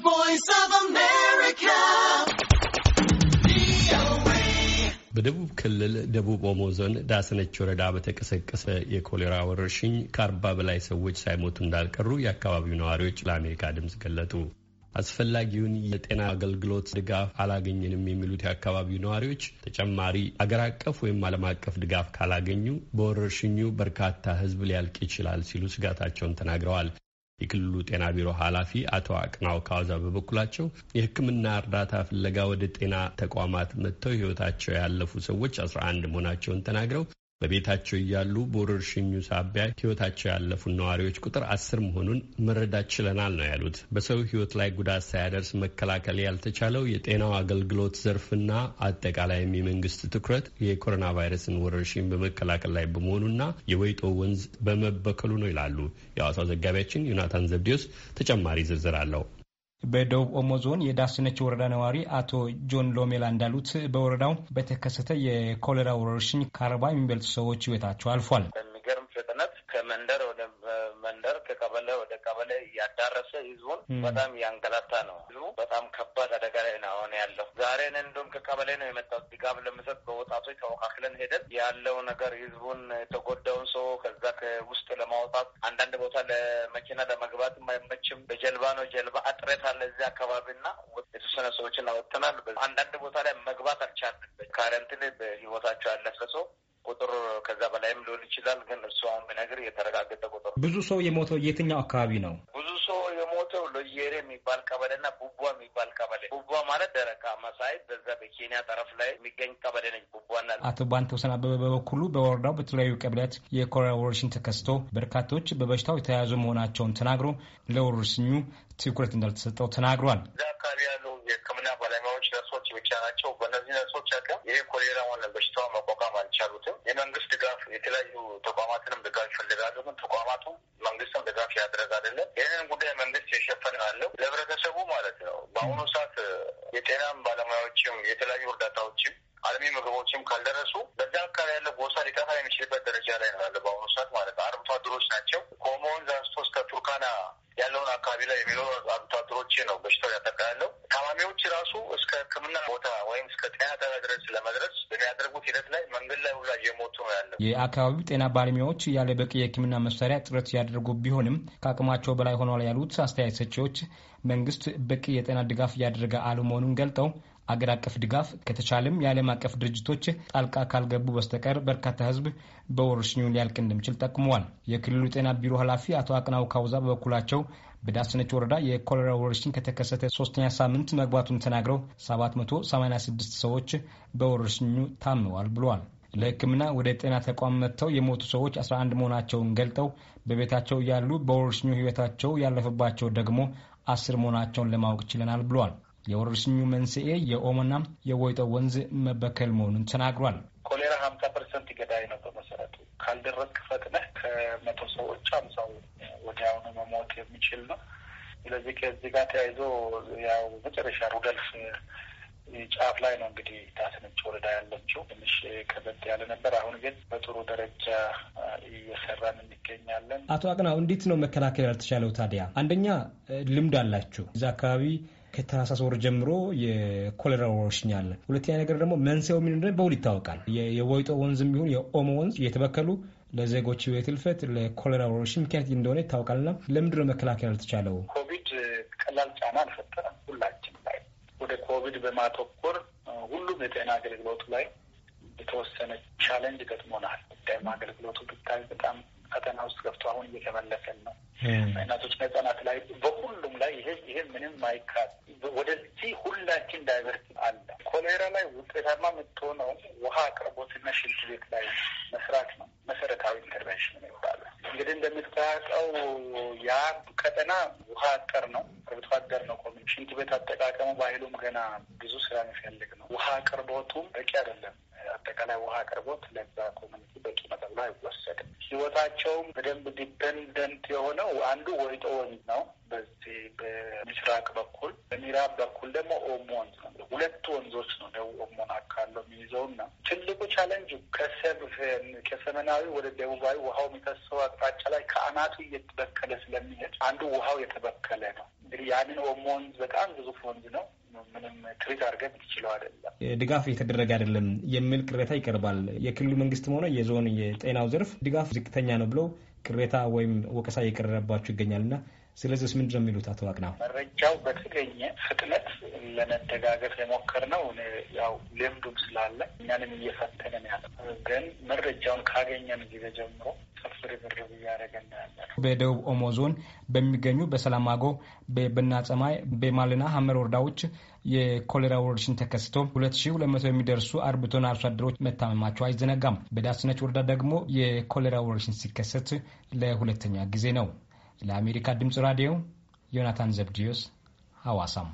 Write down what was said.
Voice of America. በደቡብ ክልል ደቡብ ኦሞ ዞን ዳሰነች ወረዳ በተቀሰቀሰ የኮሌራ ወረርሽኝ ከአርባ በላይ ሰዎች ሳይሞቱ እንዳልቀሩ የአካባቢው ነዋሪዎች ለአሜሪካ ድምፅ ገለጡ። አስፈላጊውን የጤና አገልግሎት ድጋፍ አላገኘንም የሚሉት የአካባቢው ነዋሪዎች ተጨማሪ አገር አቀፍ ወይም ዓለም አቀፍ ድጋፍ ካላገኙ በወረርሽኙ በርካታ ሕዝብ ሊያልቅ ይችላል ሲሉ ስጋታቸውን ተናግረዋል። የክልሉ ጤና ቢሮ ኃላፊ አቶ አቅናው ካዛ በበኩላቸው የሕክምና እርዳታ ፍለጋ ወደ ጤና ተቋማት መጥተው ህይወታቸው ያለፉ ሰዎች አስራ አንድ መሆናቸውን ተናግረው በቤታቸው እያሉ በወረርሽኙ ሳቢያ ህይወታቸው ያለፉን ነዋሪዎች ቁጥር አስር መሆኑን መረዳት ችለናል ነው ያሉት። በሰው ህይወት ላይ ጉዳት ሳያደርስ መከላከል ያልተቻለው የጤናው አገልግሎት ዘርፍና አጠቃላይም የመንግስት ትኩረት የኮሮና ቫይረስን ወረርሽኝ በመከላከል ላይ በመሆኑና የወይጦ ወንዝ በመበከሉ ነው ይላሉ። የሐዋሳው ዘጋቢያችን ዮናታን ዘብዴዎስ ተጨማሪ ዝርዝር አለው። በደቡብ ኦሞ ዞን የዳስነች ወረዳ ነዋሪ አቶ ጆን ሎሜላ እንዳሉት በወረዳው በተከሰተ የኮሌራ ወረርሽኝ ከአርባ የሚበልጡ ሰዎች ህይወታቸው አልፏል። እያፈራረሰ ህዝቡን በጣም እያንገላታ ነው። ህዝቡ በጣም ከባድ አደጋ ላይ ነው አሁን ያለው። ዛሬ ነን እንደውም ከቀበሌ ነው የመጣው ድጋፍ ለመሰጥ በወጣቶች ተወካክለን ሄደን ያለው ነገር ህዝቡን የተጎዳውን ሰው ከዛ ከውስጥ ለማውጣት አንዳንድ ቦታ ለመኪና ለመግባት የማይመችም በጀልባ ነው። ጀልባ እጥረት አለ እዚህ አካባቢና የተወሰነ ሰዎችን አወጥተናል። አንዳንድ ቦታ ላይ መግባት አልቻለን። ካረንትን በህይወታቸው ያለፈ ሰው ቁጥር ከዛ በላይም ሊሆን ይችላል። ግን እሱ አሁን ብነግር የተረጋገጠ ቁጥር ብዙ ሰው የሞተው የትኛው አካባቢ ነው? ብዙ ሰው የሞተው ሎየሬ የሚባል ቀበሌና ቡቧ የሚባል ቀበሌ። ቡቧ ማለት ደረቃ መሳይ በዛ በኬንያ ጠረፍ ላይ የሚገኝ ቀበሌ ነች ቡቧና። አቶ ባንተወሰን አበበ በበኩሉ በወረዳው በተለያዩ ቀበሌያት የኮሪያ ወረርሽኝ ተከስቶ በርካቶች በበሽታው የተያዙ መሆናቸውን ተናግሮ ለወረርሽኙ ትኩረት እንዳልተሰጠው ተናግሯል። እዛ አካባቢ ያለው ናቸው። በእነዚህ ነርሶች አቅም ይሄ ኮሌራ ሆነ በሽታዋ መቋቋም አልቻሉትም። የመንግስት ድጋፍ የተለያዩ ተቋማትንም ድጋፍ ይፈልጋሉ። ግን ተቋማቱ መንግስትም ድጋፍ ያደረግ አይደለም። ይህንን ጉዳይ መንግስት የሸፈነ አለው ለህብረተሰቡ ማለት ነው። በአሁኑ ሰዓት የጤናም ባለሙያዎችም የተለያዩ እርዳታዎችም አልሚ ምግቦችም ካልደረሱ በዛ አካባቢ ያለ ጎሳ ሊጠፋ የሚችልበት ደረጃ ላይ ነው ያለ በአሁኑ ሰዓት ማለት ነው። አርብቶ አደሮች ናቸው። ከሞን ዛንስቶ እስከ ቱርካና ያለውን አካባቢ ላይ የሚኖሩ አርብቶ አደሮች ነው በሽታው ያጠቃያለው። ራሱ እስከ ሕክምና ቦታ ወይም እስከ ጤና ጣቢያ ድረስ ለመድረስ በሚያደርጉት ሂደት ላይ መንገድ ላይ ሁላ እየሞቱ ነው ያለ። የአካባቢው ጤና ባለሙያዎች ያለ በቂ የሕክምና መሳሪያ ጥረት ያደርጉ ቢሆንም ከአቅማቸው በላይ ሆኗል ያሉት አስተያየት ሰጪዎች መንግስት በቂ የጤና ድጋፍ እያደረገ አለመሆኑን ገልጠው አገር አቀፍ ድጋፍ ከተቻለም የዓለም አቀፍ ድርጅቶች ጣልቃ ካልገቡ በስተቀር በርካታ ህዝብ በወረርሽኙ ሊያልቅ እንደሚችል ጠቁመዋል። የክልሉ ጤና ቢሮ ኃላፊ አቶ አቅናው ካውዛ በበኩላቸው በዳስነች ወረዳ የኮሌራ ወረርሽኝ ከተከሰተ ሶስተኛ ሳምንት መግባቱን ተናግረው 786 ሰዎች በወረርሽኙ ታምነዋል ብለዋል። ለሕክምና ወደ ጤና ተቋም መጥተው የሞቱ ሰዎች 11 መሆናቸውን ገልጠው በቤታቸው እያሉ በወረርሽኙ ሕይወታቸው ያለፈባቸው ደግሞ አስር መሆናቸውን ለማወቅ ችለናል ብለዋል። የወረርሽኙ መንስኤ የኦሞና የወይጦ ወንዝ መበከል መሆኑን ተናግሯል። ኮሌራ ሀምሳ ፐርሰንት ገዳይ ነው። በመሰረቱ ካልደረስክ ፈጥነህ ከመቶ ሰዎች አምሳው ወዲያውኑ መሞት የሚችል ነው። ስለዚህ ከዚህ ጋር ተያይዞ ያው መጨረሻ ሩደልፍ ጫፍ ላይ ነው እንግዲህ ታስነጭ ወረዳ ያለችው ትንሽ ከበድ ያለ ነበር። አሁን ግን በጥሩ ደረጃ እየሰራን እንገኛለን። አቶ አቅናው እንዴት ነው መከላከል ያልተቻለው ታዲያ? አንደኛ ልምድ አላችሁ እዚ አካባቢ ከታህሳስ ወር ጀምሮ የኮሌራ ወረርሽኝ አለ። ሁለተኛ ነገር ደግሞ መንስኤው ምን እንደሆነ በውል ይታወቃል። የወይጦ ወንዝ የሚሆን የኦሞ ወንዝ እየተበከሉ ለዜጎች ሕይወት ህልፈት ለኮሌራ ወረርሽኝ ምክንያት እንደሆነ ይታወቃልና ለምንድን ነው መከላከል አልተቻለው? ኮቪድ ቀላል ጫና አልፈጠረም። ሁላችን ላይ ወደ ኮቪድ በማተኮር ሁሉም የጤና አገልግሎቱ ላይ የተወሰነ ቻለንጅ ገጥሞናል። ጉዳይም አገልግሎቱ ብታይ በጣም ፈተና ውስጥ ገብቶ አሁን እየተመለሰን ነው። እናቶች ህጻናት ላይ በሁሉም ላይ ይሄ ይሄ ምንም አይካል ወደዚህ ሁላችን ዳይቨርስ አለ። ኮሌራ ላይ ውጤታማ የምትሆነው ውሃ አቅርቦትና ሽንት ቤት ላይ መስራት ነው። መሰረታዊ ኢንተርቬንሽን ይባላል። እንግዲህ እንደምታውቀው ያ ቀጠና ውሃ አጠር ነው፣ ርብቶ አደር ነው። ሽንት ቤት አጠቃቀሙ ባህሉም ገና ብዙ ስራ የሚፈልግ ነው። ውሃ አቅርቦቱም በቂ አይደለም። አጠቃላይ ውሃ አቅርቦት ለዛ ኮሚኒቲ በቂ መጠን አይወሰድም። ህይወታቸውም በደንብ ዲፐንደንት የሆነው አንዱ ወይጦ ወንዝ ነው፣ በዚህ በምስራቅ በኩል በምዕራብ በኩል ደግሞ ኦሞ ወንዝ ነው። ሁለት ወንዞች ነው ደቡብ ኦሞን አካሎ የሚይዘው እና ትልቁ ቻለንጅ ከሰሜናዊ ወደ ደቡባዊ ውሃው የሚፈሰው አቅጣጫ ላይ ከአናቱ እየተበከለ ስለሚሄድ አንዱ ውሃው የተበከለ ነው። እንግዲህ ያንን ኦሞ ወንዝ በጣም ግዙፍ ወንዝ ነው። ምንም ትሪት አድርገን ትችለው አይደለም ድጋፍ እየተደረገ አይደለም የሚል ቅሬታ ይቀርባል። የክልሉ መንግስትም ሆነ የዞን የጤናው ዘርፍ ድጋፍ ዝቅተኛ ነው ብለው ቅሬታ ወይም ወቀሳ እየቀረረባቸው ይገኛል እና ስለዚህ ምንድን ነው የሚሉት አቶ አቅናው? መረጃው በተገኘ ፍጥነት ለመደጋገፍ የሞከርነው ያው ልምዱም ስላለ እኛንም እየፈተነን ያለ ግን መረጃውን ካገኘን ጊዜ ጀምሮ እያደረገን ያለ ነው። በደቡብ ኦሞ ዞን በሚገኙ በሰላማጎ፣ በብና ጸማይ፣ በማልና ሀመር ወረዳዎች የኮሌራ ወረርሽኝ ተከስቶ 2200 የሚደርሱ አርብቶና አርሶ አደሮች መታመማቸው አይዘነጋም። በዳስነች ወረዳ ደግሞ የኮሌራ ወረርሽኝ ሲከሰት ለሁለተኛ ጊዜ ነው። ለአሜሪካ ድምፅ ራዲዮ ዮናታን ዘብዲዮስ ሐዋሳም